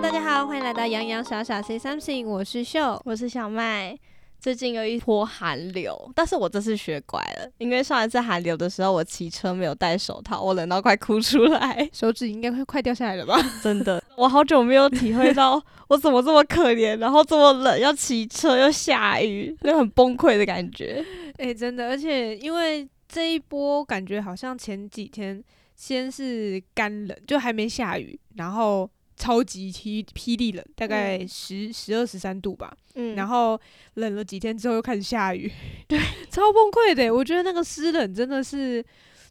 大家好，歡迎來到洋洋小小 Say Something。我是秀，我是小麥。最近有一波寒流，但是我這次學乖了，因為上一次寒流的時候，我騎車沒有戴手套，我冷到快哭出來，手指應該會快掉下來了吧？真的，我好久沒有體會到我怎麼這麼可憐， 然後這麼冷，要騎車又下雨，就、那個、很崩潰的感覺。誒、欸，真的，而且因為這一波感覺好像前幾天先是乾冷，就還沒下雨，然後。超級劈霹靂冷，大概十十二十三度吧。然後冷了幾天之後又開始下雨，嗯、對，超崩潰的。我覺得那個濕冷真的是，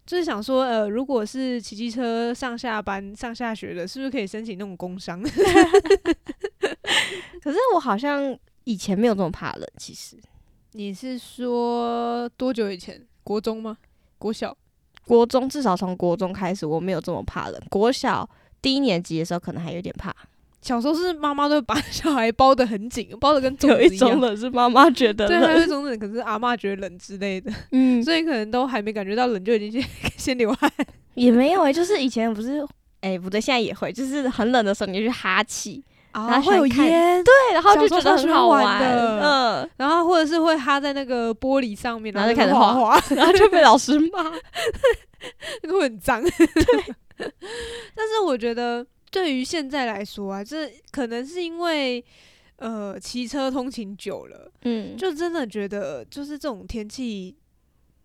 就是想說，呃，如果是騎機車上下班、上下學的，是不是可以申請那種公傷？ 可是我好像以前沒有這麼怕冷，其實。你是說多久以前？國中嗎？國小？國中至少，從國中開始，我沒有這麼怕冷。國小。第一年級的時候可能還有點怕，小時候是媽媽都把小孩包得很緊，包得跟粽子一樣。有一種冷是媽媽覺得，對，有一種冷可是阿嬤覺得冷之類的，嗯，所以可能都還沒感覺到冷就已經先先流汗。也沒有哎，就是以前不是，哎不對，現在也會，就是很冷的時候你去哈氣，啊會有煙，對，然後就覺得很好玩的，嗯，然後或者是會哈在那個玻璃上面，然後就開始滑滑，然後就被老師罵，那個很髒。對。 但是我覺得，對於現在來說啊，這可能是因為呃，騎車通勤久了，嗯，就真的覺得就是這種天氣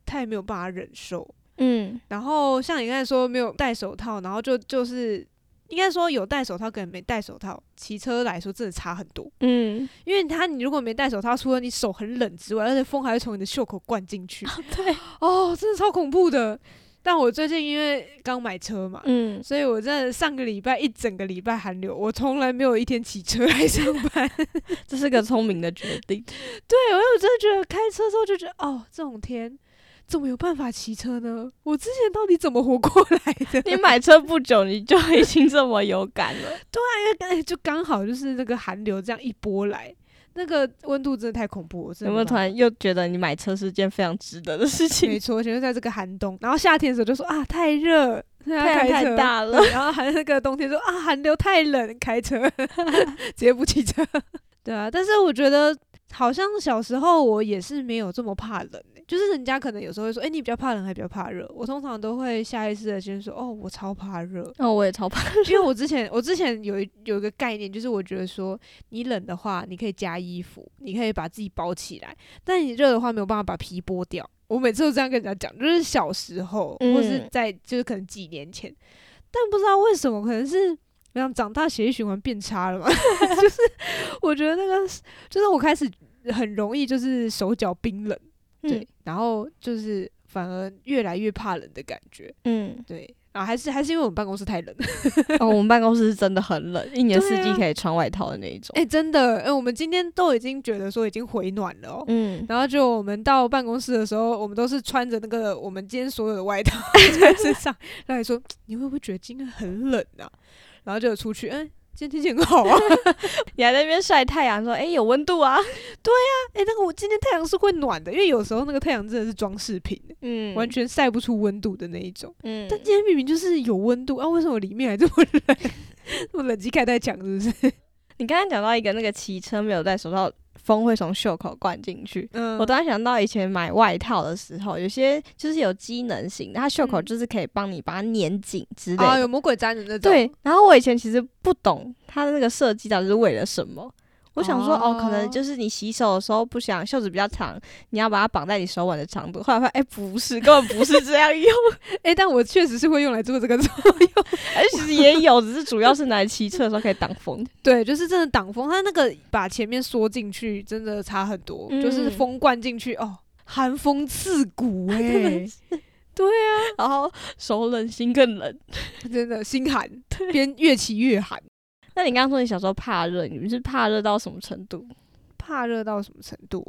太沒有辦法忍受，嗯。然後像你剛才說，沒有戴手套，然後就就是應該說有戴手套跟沒戴手套騎車來說，真的差很多，嗯。因為他，你如果沒戴手套，除了你手很冷之外，而且風還會從你的袖口灌進去，啊，對，哦，真的超恐怖的。但我最近因為剛買車嘛，嗯，所以我在上個禮拜一整個禮拜寒流，我從來沒有一天騎車來上班， 這是個聰明的決定。 對，我真的覺得開車之後就覺得哦，這種天怎麼有辦法騎車呢？我之前到底怎麼活過來的？你買車不久你就已經這麼有感了？ 對，因為，哎，就剛好就是那個寒流這樣一波來。那個溫度真的太恐怖了，有沒有？突然又覺得你買車是件非常值得的事情沒。沒錯，尤其在這個寒冬，然後夏天的時候就說啊太熱，太陽太，太，車太大了。然後寒那個冬天說啊寒流太冷，開車 直接不騎車。 對啊，但是我覺得。好像小時候我也是沒有這麼怕冷、欸，就是人家可能有時候會說：“哎、欸，你比較怕冷還比較怕熱。”我通常都會下意識的先說：“哦，我超怕熱。”哦，我也超怕熱。因為我之前我之前有有一個概念，就是我覺得說你冷的話，你可以加衣服，你可以把自己包起來；但你熱的話，沒有辦法把皮剝掉。我每次都這樣跟人家講，就是小時候或是在就是可能幾年前，嗯、但不知道為什麼，可能是我想長大血液循環變差了嘛， 就是我覺得那個就是我開始。很容易就是手腳冰冷，嗯、對，然後就是反而越來越怕冷的感覺，嗯，對，然、啊、後還是還是因為我們辦公室太冷， 哦、我們辦公室是真的很冷，啊、一年四季可以穿外套的那一種。哎、欸，真的，哎、欸，我們今天都已經覺得說已經回暖了哦、喔，嗯，然後就我們到辦公室的時候，我們都是穿着那個我們今天所有的外套在身上，那 你說你會不會覺得今天很冷啊？然後就出去，嗯、欸。今天天氣很好啊， 你還在那邊曬太陽，說、欸、哎有溫度啊，對啊，哎、欸、那個我今天太陽是會暖的，因為有時候那個太陽真的是裝飾品，嗯，完全曬不出溫度的那一種，嗯，但今天明明就是有溫度啊，為什麼裡面還這麼冷？那 麼冷，機開太強是不是？你剛剛講到一個那個騎車沒有戴手套。風會從袖口灌進去。嗯，我突然想到，以前買外套的時候，有些就是有機能型，它袖口就是可以幫你把它粘緊之類的。哦，有魔鬼粘的那種。對，然後我以前其實不懂它的那個設計到底是為了什麼。我想說哦，哦，可能就是你洗手的時候不想袖子比較長，你要把它綁在你手腕的長度。後來發現哎、欸，不是，根本不是這樣用。哎、 欸，但我確實是會用來做這個作用。哎、欸，其實也有，只是主要是拿來騎車的時候可以擋風。 對，就是真的擋風，它那個把前面縮進去，真的差很多。嗯，就是風灌進去，哦，寒風刺骨哎、欸。 對呀，啊。然後手冷心更冷，真的心寒，邊對越騎越寒。那你剛剛說你小時候怕熱，你們是怕熱到什麼程度？怕熱到什麼程度？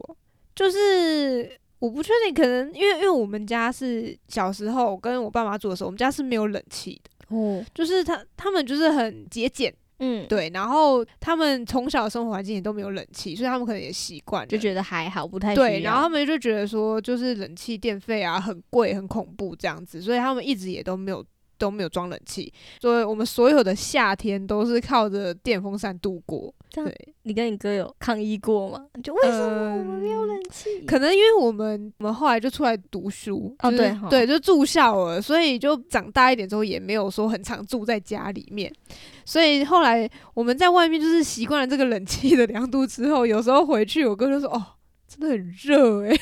就是我不確定，可能因為因為我們家是小時候跟我爸媽住的時候，我們家是沒有冷氣的。哦，就是他他們就是很節儉，嗯，對，然後他們從小生活環境也都沒有冷氣，所以他們可能也習慣，就覺得還好，不太對。然後他們就覺得說，就是冷氣電費啊很貴，很恐怖這樣子，所以他們一直也都沒有。都沒有裝冷氣，所以我們所有的夏天都是靠着電風扇度過。這樣，對，你跟你哥有抗議過嗎？你就、嗯、為什麼我們沒有冷氣？可能因為我們我們後來就出來讀書、就是哦、對對，就住校了，所以就長大一點之後也沒有說很常住在家裡面，所以後來我們在外面就是習慣了這個冷氣的涼度之後，有時候回去我哥就說哦。真的很熱欸，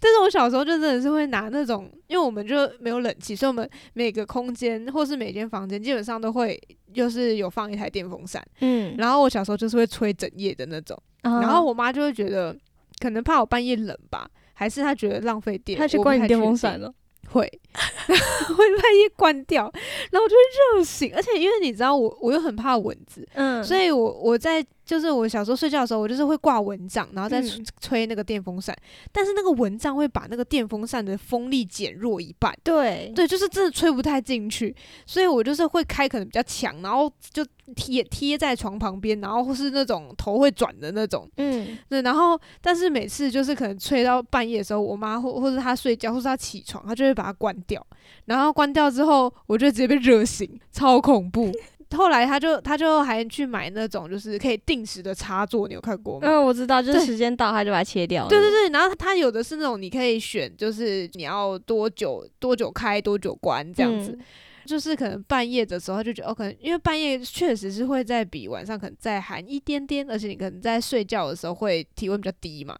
但是我小時候就真的是會拿那種，因為我們就沒有冷氣，所以我們每個空間或是每間房間基本上都會就是有放一台電風扇，嗯，然後我小時候就是會吹整夜的那種，啊、然後我媽就會覺得可能怕我半夜冷吧，還是她覺得浪費電，她去關你電風扇了，會會半夜關掉，然後就會熱醒，而且因為你知道我我又很怕蚊子，嗯，所以我我在。就是我小時候睡覺的時候，我就是會掛蚊帳，然後再吹那個電風扇。嗯、但是那個蚊帳會把那個電風扇的風力減弱一半。對對，就是真的吹不太進去。所以我就是會開可能比較強，然後就貼貼在床旁邊，然後或是那種頭會轉的那種。嗯，對。然後，但是每次就是可能吹到半夜的時候，我媽或或是她睡覺，或是她起床，她就會把它關掉。然後關掉之後，我就直接被熱醒，超恐怖。 後來他就他就還去買那種就是可以定時的插座，你有看過嗎？嗯、呃，我知道，就是時間到對他就把它切掉。對對對，然後他，他有的是那種你可以選，就是你要多久多久開多久關這樣子，嗯、就是可能半夜的時候他就覺得哦，可能因為半夜確實是會在比晚上可能再寒一點點，而且你可能在睡覺的時候會體溫比較低嘛，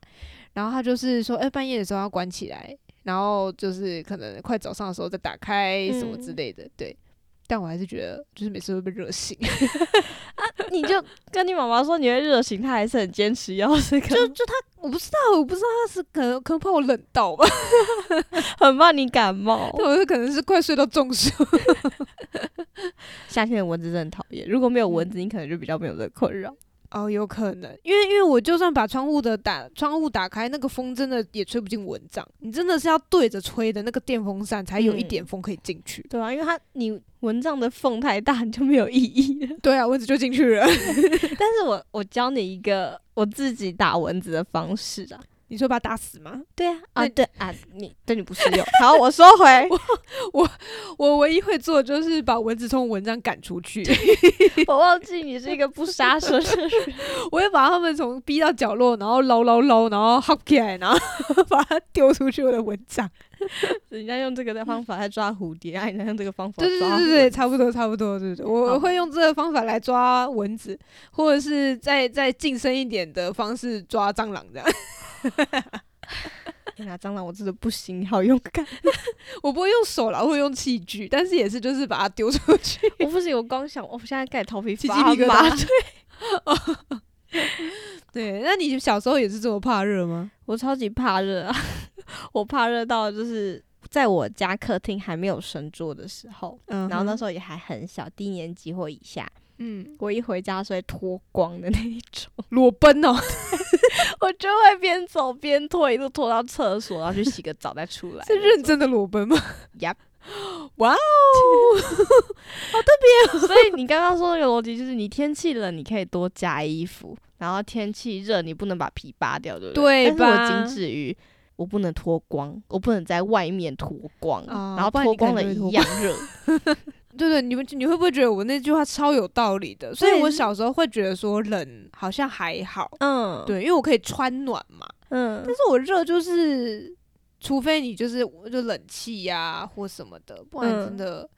然後他就是說，誒、欸，半夜的時候要關起來，然後就是可能快早上的時候再打開什麼之類的，嗯、對。但我還是覺得，就是每次都會被熱醒 啊！你就跟你媽媽說你會熱醒，她還是很堅持要這就就她，我不知道，我不知道她是可能可能怕我冷到吧， 很怕你感冒，或者是可能是快睡到中暑。 夏天的蚊子真的討厭，如果沒有蚊子，你可能就比較沒有這個困擾。哦，有可能，因為因為我就算把窗戶的打窗戶打開，那個風真的也吹不進蚊帳。你真的是要對着吹的那個電風扇，才有一點風可以進去。嗯，對啊，因為它你蚊帳的縫太大，你就沒有意義。對啊，蚊子就進去了。 但是我我教你一個我自己打蚊子的方式啊。你說把他打死嗎？對啊，但啊對啊，你對你不是用。好，我收回我我，我唯一會做的就是把蚊子從蚊帳趕出去。對 我忘記你這個不殺生是？ 我會把他們從逼到角落，然後撈撈撈，然後薅起來，然後 把它丟出去我的蚊帳。 人家用這個的方法來抓蝴蝶啊，人家用這個方法抓。對對對對對，差不多差不多對對。我，好我會用這個方法來抓蚊子，或者是再再近身一點的方式抓蟑螂這樣。 天哪，蟑螂我真的不行，好勇敢！ 我不會用手啦，我會用器具，但是也是就是把它丟出去。我不行，我光想，我、哦、現在蓋頭皮發麻。對，對，那你小時候也是這麼怕熱嗎？ 我超級怕熱，啊，我怕熱到就是在我家客廳還沒有神桌的時候，uh huh. 然後那時候也還很小，低年級或以下。嗯，我一回家就會脫光的那一種，裸奔哦！ 我就會邊走邊脫，一路脫到廁所，然後去洗個澡再出來。 是認真的裸奔嗎？呀，哇哦，好特別哦！所以你剛剛說那個邏輯就是，你天氣冷你可以多加衣服，然後天氣熱你不能把皮扒掉，對不對？對吧，但是我僅止於我不能脫光，我不能在外面脫光，哦、然後脫光了一樣熱。哦 對對，你們你會不會覺得我那句話超有道理的？對所以我小時候會覺得說冷好像還好，嗯，對，因為我可以穿暖嘛，嗯，但是我熱就是，除非你就是就冷氣呀、啊、或什麼的，不然真的、嗯、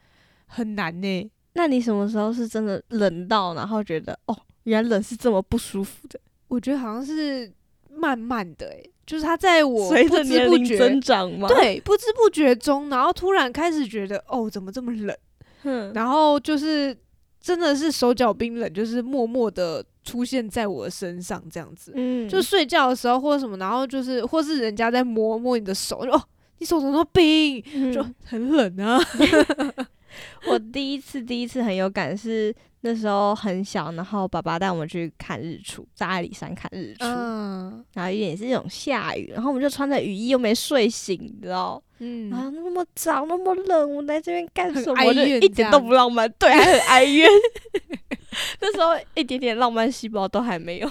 很難呢、欸。那你什麼時候是真的冷到，然後覺得哦，原來冷是這麼不舒服的？我覺得好像是慢慢的、欸，哎，就是它在我不知不覺、隨著年齡增長嘛，對，不知不覺中，然後突然開始覺得哦，怎麼這麼冷？然後就是真的是手腳冰冷，就是默默的出現在我的身上這樣子。嗯，就睡覺的時候或者什麼，然後就是或是人家在摸摸你的手，就哦，你手怎麼那麼冰？嗯，就很冷啊。 我第一次第一次很有感是那時候很小，然後爸爸帶我們去看日出，在阿里山看日出，嗯、然後有點是那種下雨，然後我們就穿着雨衣又沒睡醒，你知道？嗯啊，那麼早那麼冷，我來這邊幹什麼？我就一點都不浪漫，對， 還很哀怨。 那時候一點點浪漫細胞都還沒有。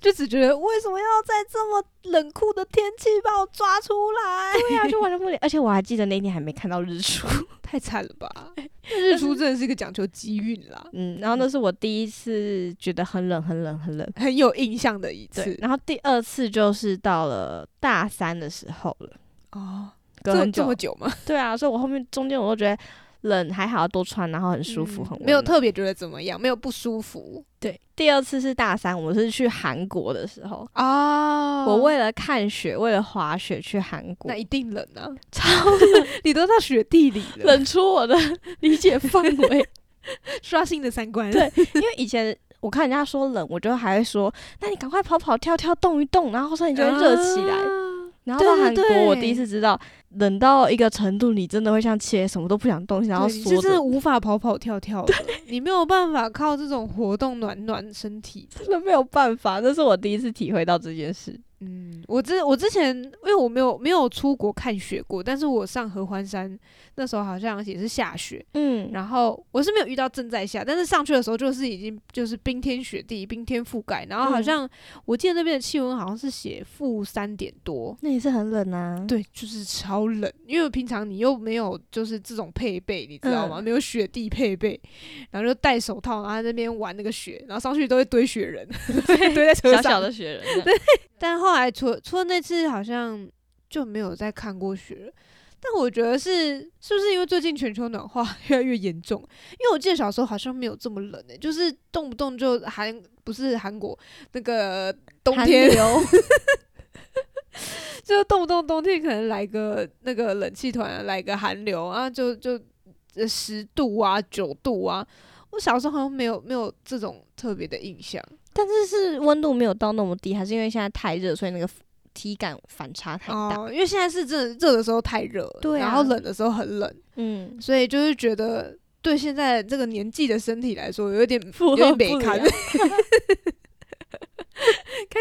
就只覺得為什麼要在這麼冷酷的天氣把我抓出來？對呀，就完全不理。而且我還記得那天還沒看到日出， 太慘了吧！ 日出真的是一個講求機運啦。 嗯，然後那是我第一次覺得很冷、很冷、很冷，很有印象的一次。然後第二次就是到了大三的時候了。哦，隔這麼久嗎？對啊，所以我後面中間我都覺得。冷還好，多穿，然後很舒服，嗯、很沒有特別覺得怎麼樣，沒有不舒服。對，第二次是大三，我們是去韓國的時候哦，啊、我為了看雪，為了滑雪去韓國，那一定冷啊，超冷， 你都在雪地裡，冷出我的理解範圍，刷新你的三觀。 對，因為以前我看人家說冷，我就還會說，那你趕快跑跑跳跳動一動，然後身體你就會熱起來。啊然後到韓國，我第一次知道冷到一個程度，你真的會像切什麼都不想動，然後縮，你就是無法跑跑跳跳，對你沒有辦法靠這種活動暖暖身體， 真的沒有辦法。這是我第一次體會到這件事。嗯，我之我之前因為我沒有沒有出國看雪過，但是我上合歡山那時候好像也是下雪，嗯，然後我是沒有遇到正在下，但是上去的時候就是已經就是冰天雪地，冰天覆蓋，然後好像、嗯、我記得那邊的氣溫好像是寫負三點多，那也是很冷啊，對，就是超冷，因為平常你又沒有就是這種配備，你知道嗎？嗯、沒有雪地配備，然後就戴手套，然後在那邊玩那個雪，然後上去都會堆雪人，堆在車上小小的雪人的，對，但後。後來，除除了那次，好像就沒有再看過雪了，但我覺得是是不是因為最近全球暖化越來越嚴重？因為我記得小時候好像沒有這麼冷呢、欸，就是動不動就寒，不是韓國那個冬天寒流， 就動不動冬天可能來個那個冷氣團，來個寒流啊，啊，就就十度啊九度啊。我小時候好像沒有沒有這種特別的印象。但是是溫度沒有到那麼低，還是因為現在太熱，所以那個體感反差太大。哦，因為現在是熱熱的時候太熱，啊，然後冷的時候很冷，嗯，所以就是覺得對現在這個年紀的身體來說，有點不不有點不堪， 開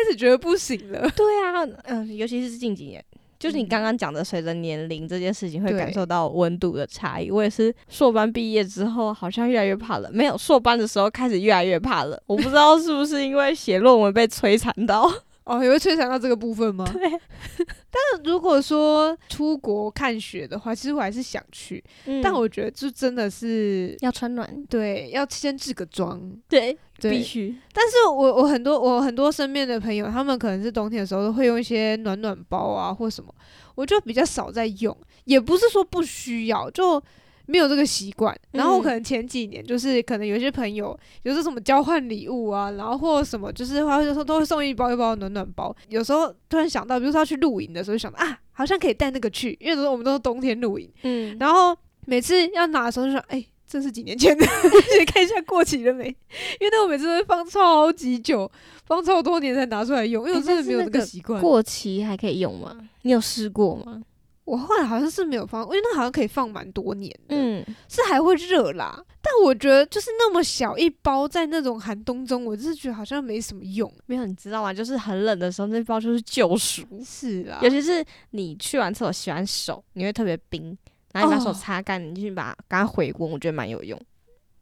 始覺得不行了。對啊，嗯，呃，尤其是近幾年。就是你剛剛講的，隨着年齡這件事情會感受到溫度的差異。對我也是碩班畢業之後，好像越來越怕冷了。沒有碩班的時候開始越來越怕冷了， 我不知道是不是因為寫論文被摧殘到。哦，也會吹散到這個部分嗎？對。 但是如果說出國看雪的話，其實我還是想去。嗯、但我覺得就真的是要穿暖，對，要先置個裝，對，對，必須。但是我我，很多我很多身邊的朋友，他們可能是冬天的時候都會用一些暖暖包啊或什麼，我就比較少在用，也不是說不需要就。沒有這個習慣，然後我可能前幾年就是可能有一些朋友，比如說什麼交換禮物啊，然後或什麼就是他就說都會送一包一包暖暖包，有時候突然想到，比如說要去露營的時候就想到啊，好像可以帶那個去，因為那時候我們都是冬天露營，嗯，然後每次要拿的時候就想，哎，這是幾年前的，先看一下過期了沒。因為那我每次都會放超級久，放超多年才拿出來用，因為我真的沒有這個習慣。哎、過期還可以用嗎？你有試過嗎？我後來好像是沒有放，因為那好像可以放蠻多年，嗯，是還會熱啦。但我覺得就是那麼小一包，在那種寒冬中，我就是覺得好像沒什麼用。沒有，你知道嗎？就是很冷的時候，那包就是救贖。是啦，尤其是你去完廁所洗完手，你會特別冰，然後你把手擦乾，哦、你去把剛剛回溫，我覺得蠻有用。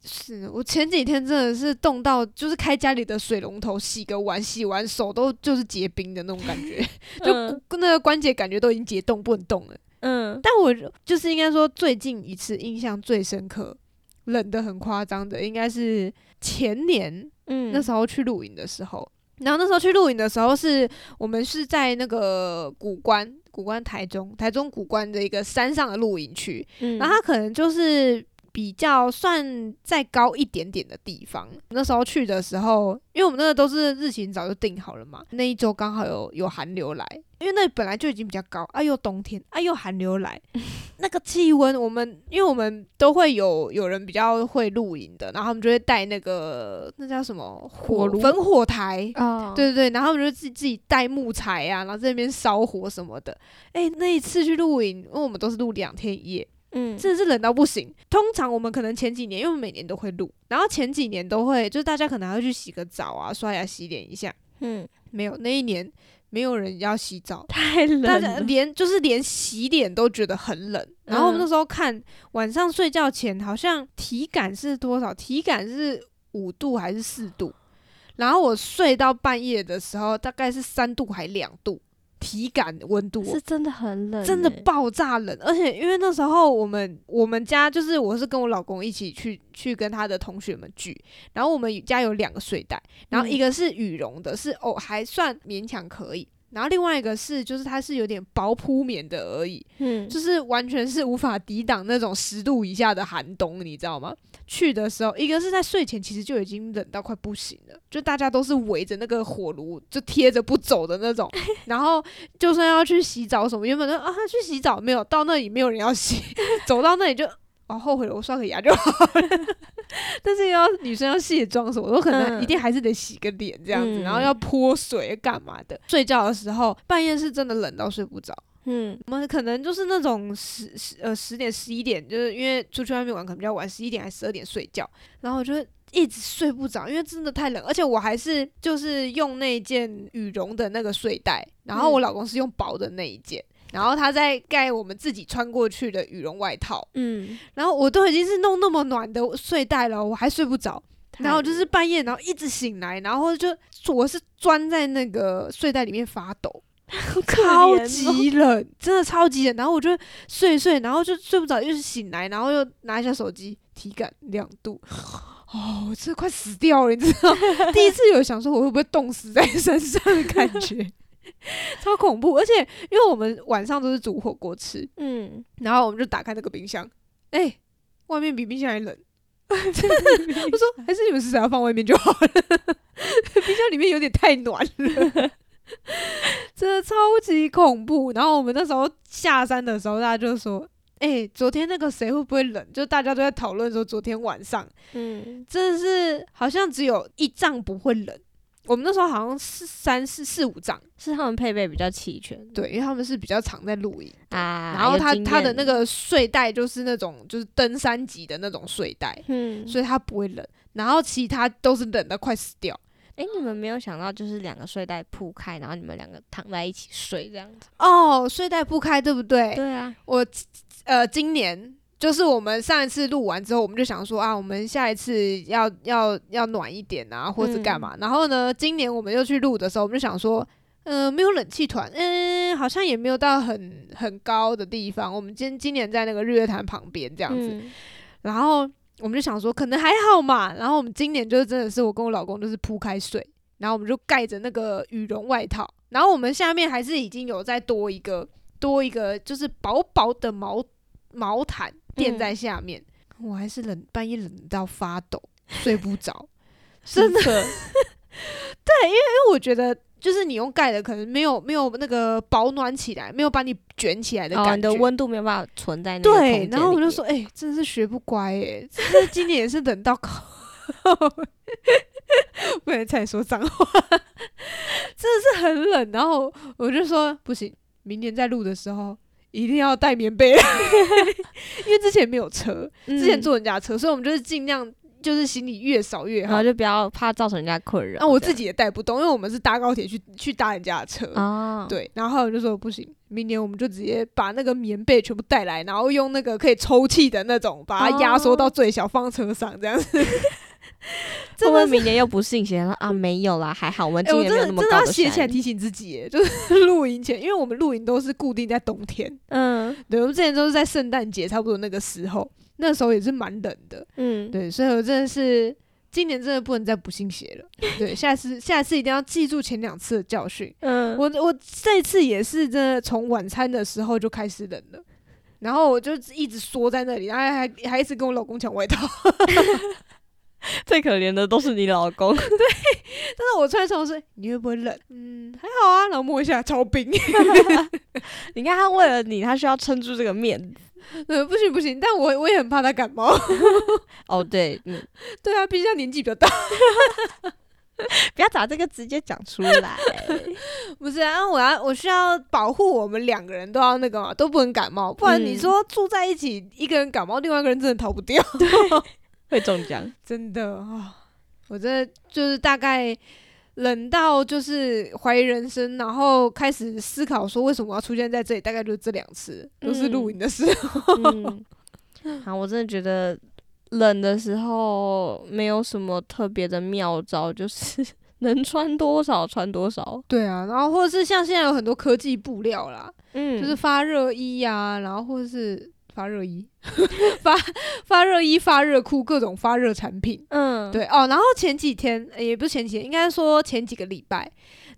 是我前幾天真的是凍到，就是開家裡的水龍頭洗個碗，洗完手都就是結冰的那種感覺， 就那個關節感覺都已經結凍不能動了。嗯，但我就是應該說最近一次印象最深刻，冷得很誇張的，應該是前年，嗯，那時候去露營的時候，嗯、然後那時候去露營的時候是，是我們是在那個谷關，谷關台中，台中谷關的一個山上的露營區，嗯，然後他可能就是。比較算再高一點點的地方，那時候去的時候，因為我們那個都是日行早就定好了嘛，那一周剛好有有寒流來，因為那裡本來就已經比較高，哎、啊、呦冬天，哎、啊、呦寒流來， 那個氣溫我們因為我們都會有有人比較會露營的，然後我們就會帶那個那叫什麼火，火爐、焚火台、哦、對對對，然後我們就自己自己帶木材啊，然後在那邊燒火什麼的，哎、欸、那一次去露營，因為我們都是露兩天一夜。嗯，真的是冷到不行。通常我們可能前幾年，因為我們每年都會錄，然後前幾年都會，就是大家可能還要去洗個澡啊，刷牙、洗臉一下。嗯，沒有那一年沒有人要洗澡，太冷了，連就是連洗臉都覺得很冷。然後我們那時候看、嗯、晚上睡覺前，好像體感是多少？體感是五度還是四度？然後我睡到半夜的時候，大概是三度還兩度。體感溫度是真的很冷，真的爆炸冷，而且因為那時候我們我們家就是我是跟我老公一起去去跟他的同學們聚，然後我們家有兩個睡袋，然後一個是羽絨的是，是、嗯、哦還算勉強可以。然後另外一個是，就是它是有點薄鋪棉的而已，嗯，就是完全是無法抵擋那種十度以下的寒冬，你知道嗎？去的時候，一個是在睡前其實就已經冷到快不行了，就大家都是圍着那個火爐就貼着不走的那種，然後就算要去洗澡什麼，原本說啊去洗澡沒有到那裡沒有人要洗，走到那裡就。我、啊、後悔了，我刷個牙就好了。 但是要女生要卸妝什麼，我都可能、嗯、一定還是得洗個臉這樣子，嗯、然後要潑水幹嘛的？嗯、睡覺的時候，半夜是真的冷到睡不着。嗯，我們可能就是那種十十呃十點十一點，就是因為出去外面玩可能比較晚，十一點還十二點睡覺，然後我就一直睡不着，因為真的太冷，而且我還是就是用那件羽絨的那個睡袋，然後我老公是用薄的那一件。嗯然後他在蓋我們自己穿過去的羽絨外套，嗯，然後我都已經是弄那麼暖的睡袋了，我還睡不着，然後就是半夜，然後一直醒來，然後就我是鑽在那個睡袋裡面發抖，哦、超級冷，真的超級冷，然後我就睡一睡，然後就睡不着，又是醒來，然後又拿一下手機，體感兩度，哦，這快死掉了，你知道， 第一次有想說我會不會凍死在山上的感覺。 超恐怖，而且因為我們晚上都是煮火鍋吃，嗯，然後我們就打開那個冰箱，欸，外面比冰箱還冷。 我說，還是你們食材放外面就好了， 冰箱裡面有點太暖了， 真的超級恐怖。然後我們那時候下山的時候，大家就說：“欸，昨天那個誰會不會冷？”就大家都在討論說昨天晚上，嗯，真的是好像只有一帳不會冷。我們那時候好像是三四四五帳，是他們配備比較齊全，對，因為他們是比較常在露營，啊、然後他他的那個睡袋就是那種就是登山級的那種睡袋，嗯、所以他不會冷，然後其他都是冷的快死掉。誒、嗯欸，你們沒有想到就是兩個睡袋鋪開，然後你們兩個躺在一起睡這樣子哦，睡袋鋪開對不對？對啊，我呃今年。就是我們上一次錄完之後，我們就想說啊，我們下一次要要要暖一點啊，或者幹嘛。嗯、然後呢，今年我們又去錄的時候，我們就想說，嗯、呃，沒有冷氣團，嗯，好像也沒有到很很高的地方。我們今今年在那個日月潭旁邊這樣子，嗯、然後我們就想說，可能還好嘛。然後我們今年就真的是我跟我老公就是鋪開睡，然後我們就蓋着那個羽絨外套，然後我們下面還是已經有再多一個多一個就是薄薄的毛毛毯，墊在下面，嗯、我還是冷，半夜冷到發抖，睡不着，真的。的 對，因為因為我覺得，就是你用蓋的，可能沒有沒有那個保暖起來，沒有把你卷起來的感覺，溫、哦、度沒有辦法存在那裡面。對，然後我就說，哎、欸，真的是學不乖、欸，哎，這今年也是冷到靠，不能再說髒話，真的是很冷。然後我就說，不行，明年再錄的時候。一定要帶棉被， 因為之前沒有車，之前坐人家車，嗯、所以我們就是盡量就是行李越少越好，就不要怕造成人家困擾。那、啊、我自己也帶不動，樣因為我們是搭高鐵去去搭人家的車，哦、對，然後我就說不行，明年我們就直接把那個棉被全部帶來，然後用那個可以抽氣的那種，把它壓縮到最小，放車上這樣子。哦 我們明年又不信邪了 啊！沒有啦，還好我們今年沒有那麼高。寫現在提醒自己，就是露營前，因為我們露營都是固定在冬天。嗯，對，我們之前都是在聖誕節差不多那個時候，那時候也是蠻冷的。嗯，對，所以我真的是今年真的不能再不信邪了。嗯、對，下次下次一定要記住前兩次的教訓。嗯，我我這一次也是真的從晚餐的時候就開始冷了，然後我就一直縮在那裡，然後還還還一直跟我老公搶外套。 最可憐的都是你老公， 對。但是我穿成是，你會不會冷？嗯，還好啊。然後摸一下超冰， 你看他為了你，他需要撐住這個面子。對嗯，不行不行，但我我也很怕他感冒。 哦，對，嗯、對啊，畢竟年紀比較大。 不要把這個直接講出來。 不是啊，我要我需要保護我們兩個人都要那個，嘛，都不能感冒，不然你說住在一起，嗯、一個人感冒，另外一個人真的逃不掉。對。會中獎，真的啊、哦！我這就是大概冷到就是懷疑人生，然後開始思考說為什麼要出現在這裡，大概就是這兩次都、嗯、是露營的時候、嗯嗯。好，我真的覺得冷的時候沒有什麼特別的妙招，就是能穿多少穿多少。對啊，然後或者是像現在有很多科技布料啦，嗯，就是發熱衣啊，然後或者是。發熱衣， 衣、發發熱衣、發熱褲，各種發熱產品。嗯，對哦。然後前幾天、欸、也不是前幾天，應該說前幾個禮拜。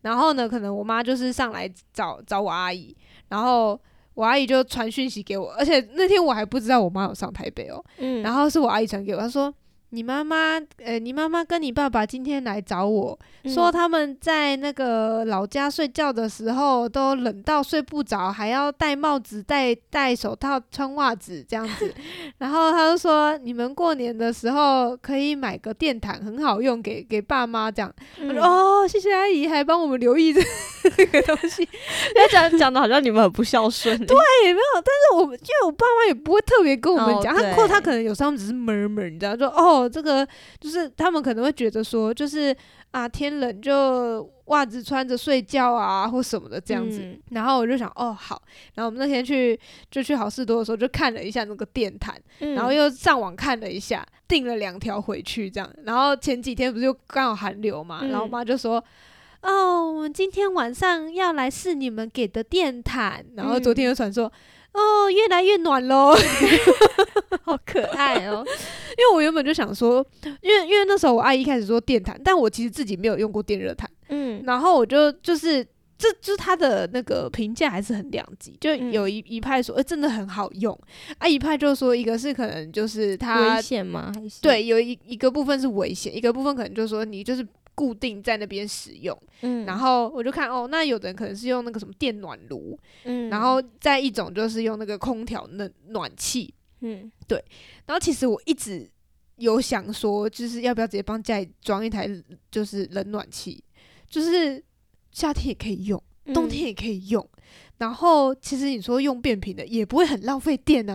然後呢，可能我媽就是上來找找我阿姨，然後我阿姨就傳訊息給我。而且那天我還不知道我媽有上台北哦。嗯、然後是我阿姨傳給我，她說。你媽媽，呃、欸，你媽媽跟你爸爸今天來找我說，他們在那個老家睡覺的時候都冷到睡不着，還要戴帽子、戴戴手套、穿襪子這樣子。 然後他就說，你們過年的時候可以買個電毯，很好用，給給爸媽這樣。他說、嗯、哦，謝謝阿姨，還幫我們留意這個東西。 他講講得好像你們很不孝順。對，沒有，但是我們因為我爸媽也不會特別跟我們講，oh, 對他他可能有時候只是 murmur，你知道，說哦。哦，這個就是他們可能會覺得說，就是啊，天冷就襪子穿着睡覺啊，或什麼的這樣子，嗯。然後我就想，哦，好。然後我們那天去就去好市多的時候，就看了一下那個電毯，嗯，然後又上網看了一下，訂了兩條回去這樣。然後前幾天不是就剛好寒流嘛，然後我媽就說，哦，我今天晚上要來試你們給的電毯。然後昨天又傳說。嗯哦，越來越暖嘍， 好可愛哦！ 因為我原本就想說，因為因為那時候我阿姨開始說電毯，但我其實自己沒有用過電熱毯，嗯，然後我就就是這就是它的那個評價還是很兩極，就有一一派說哎、欸、真的很好用，嗯、啊一派就說一個是可能就是它，危險嗎？還是？對，有一一個部分是危險，一個部分可能就是說你就是。固定在那邊使用，嗯，然後我就看哦，那有的人可能是用那個什麼電暖爐，嗯，然後再一種就是用那個空調冷暖氣，嗯，對，然後其實我一直有想說，就是要不要直接幫家裡裝一台就是冷暖氣，就是夏天也可以用，冬天也可以用，嗯、然後其實你說用變頻的也不會很浪費電呢、啊，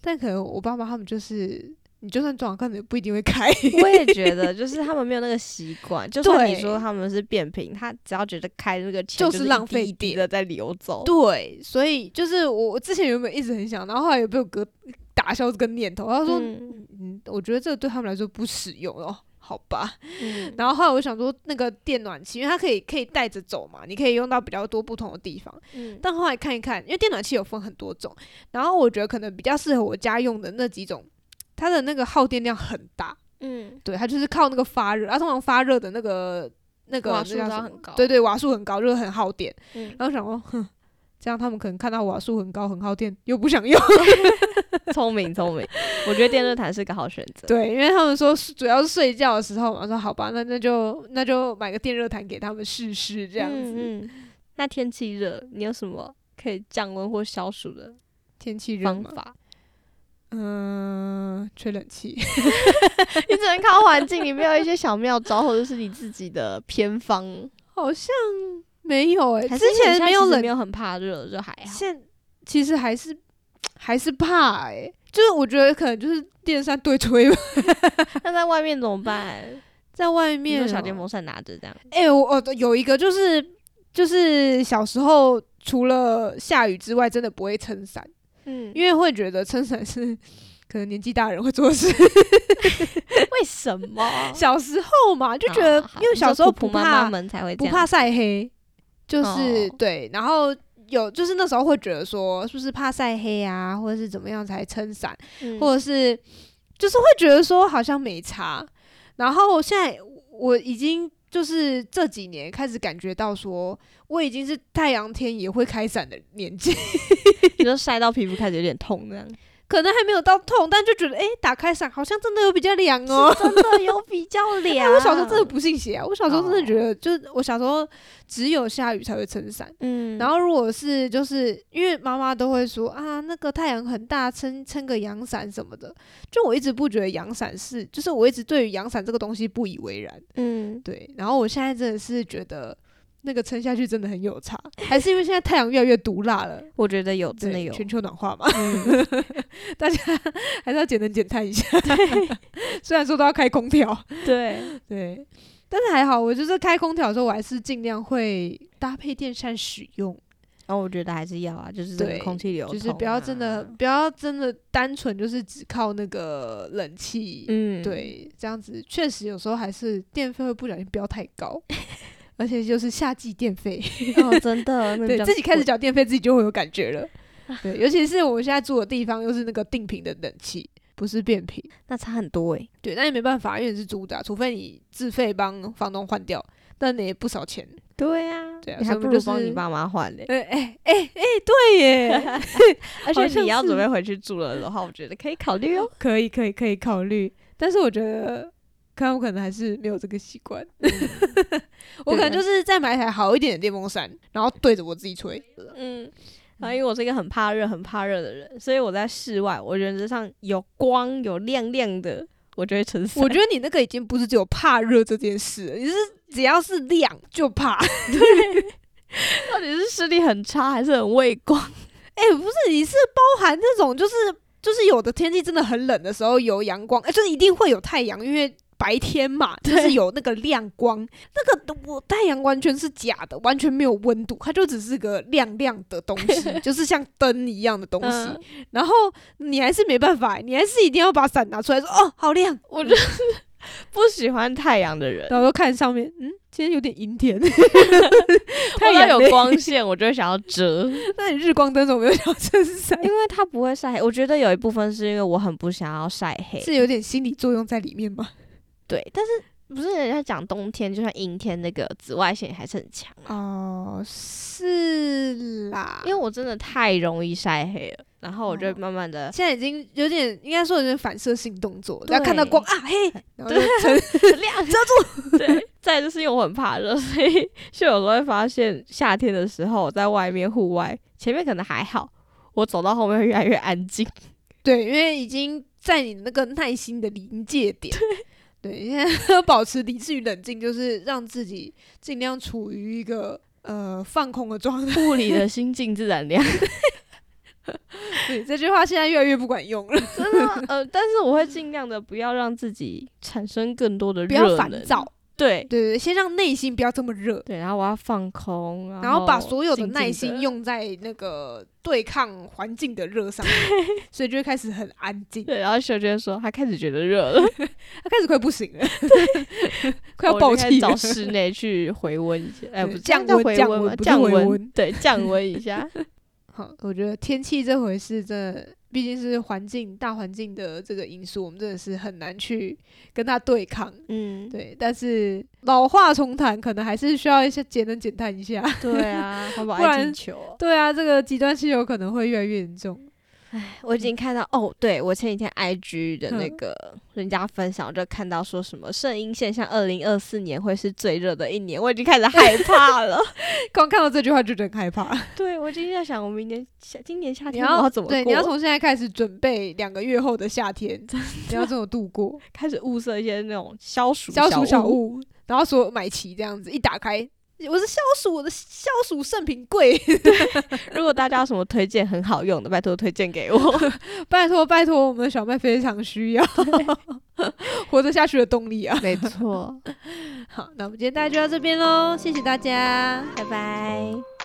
但可能我爸媽他們就是。你就算裝好，可能也不一定會開。 我也覺得，就是他們沒有那個習慣。 對就算你說他們是變頻，他只要覺得開這個就是，一滴一滴就是浪費電了，在流走。對，所以就是我我之前原本一直很想，然後後來也被我哥打消這個念頭。他說：“嗯，嗯我覺得這個對他們來說不實用哦，好吧。嗯”然後後來我想說，那個電暖器，因為它可以可以帶着走嘛，你可以用到比較多不同的地方。嗯。但後來看一看，因為電暖器有分很多種，然後我覺得可能比較適合我家用的那幾種。它的那個耗電量很大，嗯，對，它就是靠那個發熱，它、啊、通常發熱的那個那個瓦數很高，對，對對，瓦數很高，就是很耗電。嗯、然後想說，哼，這樣他們可能看到瓦數很高，很耗電，又不想用，聰明聰明。明 我覺得電熱毯是個好選擇，對，因為他們說主要是睡覺的時候嘛，說好吧，那那就那就買個電熱毯給他們試試，這樣子嗯。嗯，那天氣熱，你有什麼可以降溫或消暑的天氣方法？嗯，吹冷氣。 你只能靠環境，裡面有一些小妙招，或者 是你自己的偏方。好像沒有誒、欸，之前沒有冷，沒有很怕熱，就還好。現其實還是還是怕誒、欸，就是我覺得可能就是電扇對吹吧。 那在外面怎麼辦？在外面、啊、小電風扇拿着這樣。哎、欸，我我有一個，就是就是小時候除了下雨之外，真的不會撐傘。嗯，因為會覺得撐傘是可能年紀大的人會做事，為什麼？ 小時候嘛，就覺得因為小時候不怕才會不怕曬黑，就是對。然後有就是那時候會覺得說，是不是怕曬黑啊，或者是怎麼樣才撐傘，或者是就是會覺得說好像沒差。然後現在我已經。就是這幾年開始感覺到，說我已經是太陽天也會開傘的年紀， 你說曬到皮膚開始有點痛這樣。可能還沒有到痛，但就覺得誒、欸，打開傘好像真的有比較涼哦、喔，真的有比較涼。 我小時候真的不信邪啊，我小時候真的覺得，哦、就是我小時候只有下雨才會撐傘，嗯，然後如果是就是因為媽媽都會說啊，那個太陽很大，撐撐個陽傘什麼的，就我一直不覺得陽傘是，就是我一直對於陽傘這個東西不以為然，嗯，對，然後我現在真的是覺得。那個撐下去真的很有差，還是因為現在太陽越來越毒辣了？我覺得有，對真的有全球暖化嘛。嗯、呵呵，大家還是要減碳減碳一下。對雖然說都要開空調，對對，但是還好，我就是開空調的時候，我還是儘量會搭配電扇使用。哦，我覺得還是要啊，就是空氣流通、啊、對，就是不要真的不要真的單純就是只靠那個冷氣。嗯，對，這樣子確實有時候還是電費會不小心飆太高。 而且就是夏季電費 哦，真的，對，自己開始繳電費，自己就會有感覺了。 對，尤其是我們現在住的地方，又是那個定頻的冷氣，不是變頻，那差很多誒、欸。對，那也沒辦法，因為你是租的、啊，除非你自費幫房東換掉，但你也不少錢。對呀，你欸、對，還不如幫你爸媽換嘞。對、欸，哎，哎，哎，對耶。 而且你要準備回去住了的話，我覺得可以考慮哦。 可以，可以，可以考慮，但是我覺得。看，我可能還是沒有這個習慣， 我可能就是再買台好一點的電風扇，然後對着我自己吹。嗯，然、啊、後因為我是一個很怕熱、很怕熱的人，所以我在室外，我原則上有光、有亮亮的，我覺得沉睡。我覺得你那個已經不是只有怕熱這件事，你是只要是亮就怕。對 到底是視力很差，還是很畏光？哎、欸，不是，你是包含這種，就是就是有的天氣真的很冷的時候有陽光，哎、欸，就是一定會有太陽，因為。白天嘛，就是有那個亮光，對那個我太陽完全是假的，完全沒有溫度，它就只是個亮亮的東西， 就是像燈一樣的東西。嗯、然後你還是沒辦法，你還是一定要把傘拿出來說，嗯、哦，好亮！我就不喜歡太陽的人。然後看上面，嗯，今天有點陰天。 太陽類有光線，我就會想要遮。那 你日光燈怎麼沒有想是曬？因為它不會曬黑。我覺得有一部分是因為我很不想要曬黑，是有點心理作用在裡面嗎？對，但是不是人家講冬天就算陰天，那個紫外線還是很強。啊、哦，是啦，因為我真的太容易曬黑了，然後我就慢慢的，哦、現在已經有點應該說有點反射性動作了，對只要看到光啊，嘿，對，對很亮遮住。對，再就是因為我很怕熱，所以就有時候會發現夏天的時候我在外面戶外，前面可能還好，我走到後面會越來越安靜，對，因為已經在你那個耐心的臨界點。對，現在要保持理智與冷靜，就是讓自己盡量處於一個呃放空的狀態。物理的心靜自然涼。 對，這句話現在越來越不管用了。真的，呃，但是我會盡量的不要讓自己產生更多的熱能。不要煩躁。對，對對對，先讓內心不要這麼熱，對，然後我要放空，然後，然後把所有的耐心用在那個對抗環境的熱上面。對所以就會開始很安靜。對，然後小娟說她開始覺得熱了，她 開始快不行了，對 快要爆氣，開始找室內去回溫一下，哎，不是，這樣叫回溫嗎？降溫，對，降溫一下。 好，我覺得天氣這回事真的。畢竟是環境大環境的這個因素，我們真的是很難去跟他對抗，嗯，對。但是老話重談，可能還是需要一些節能減碳一下。對啊，好好愛地球，不然，對啊，這個極端氣候可能會越來越嚴重。唉，我已經看到、嗯、哦，對，我前幾天 I G 的那個人家分享，就看到說什麼聖嬰現象，二零二四年會是最熱的一年，我已經開始害怕了。 光看到這句話就覺得害怕。對，我今天在想，我明年夏，今年夏天你要怎麼過？你要從現在開始準備兩個月後的夏天， 你要怎麼度過？ 開始物色一些那種消暑消暑小物，然後說買齊這樣子，一打開。我是消暑，我的消暑聖品貴。 如果大家有什麼推薦很好用的，拜托推薦給我， 拜托拜托，我們的小麥非常需要對活着下去的動力啊！沒錯錯， 好，那我們今天大家就到這邊嘍，謝謝大家，拜拜。拜拜。